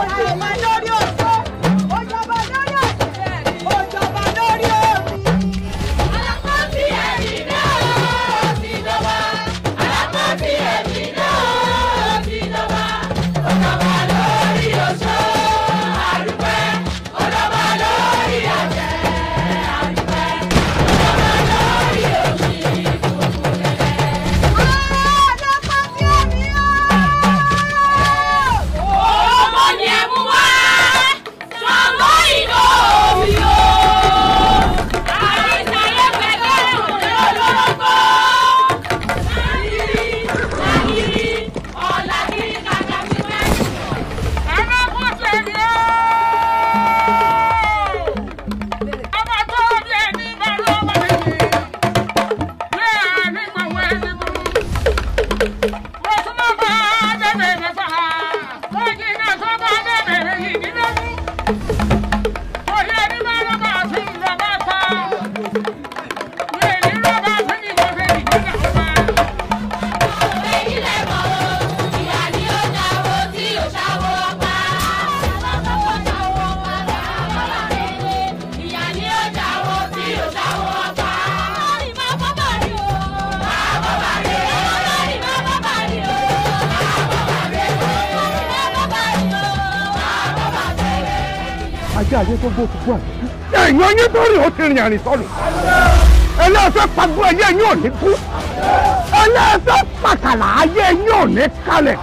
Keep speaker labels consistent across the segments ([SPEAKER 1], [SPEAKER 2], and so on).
[SPEAKER 1] Olùmọ̀jọ́
[SPEAKER 2] ajá ayé tó gbó gbogbo àná. ẹ̀yìn ọyẹ́ tó rìn ó ti rìn àrìn sọ̀rọ̀. ẹlẹ́sẹ̀ pàgbó ẹyẹ yín ò ní kú. ẹlẹ́sẹ̀ pàkàlà ayé yín ò ní kalẹ̀.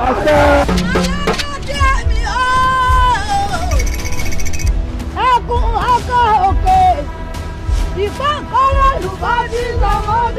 [SPEAKER 1] ẹkùn ọkọ̀ òkè ìfọ̀kọ́rọ̀ lùbọ́ bí sọmọdé.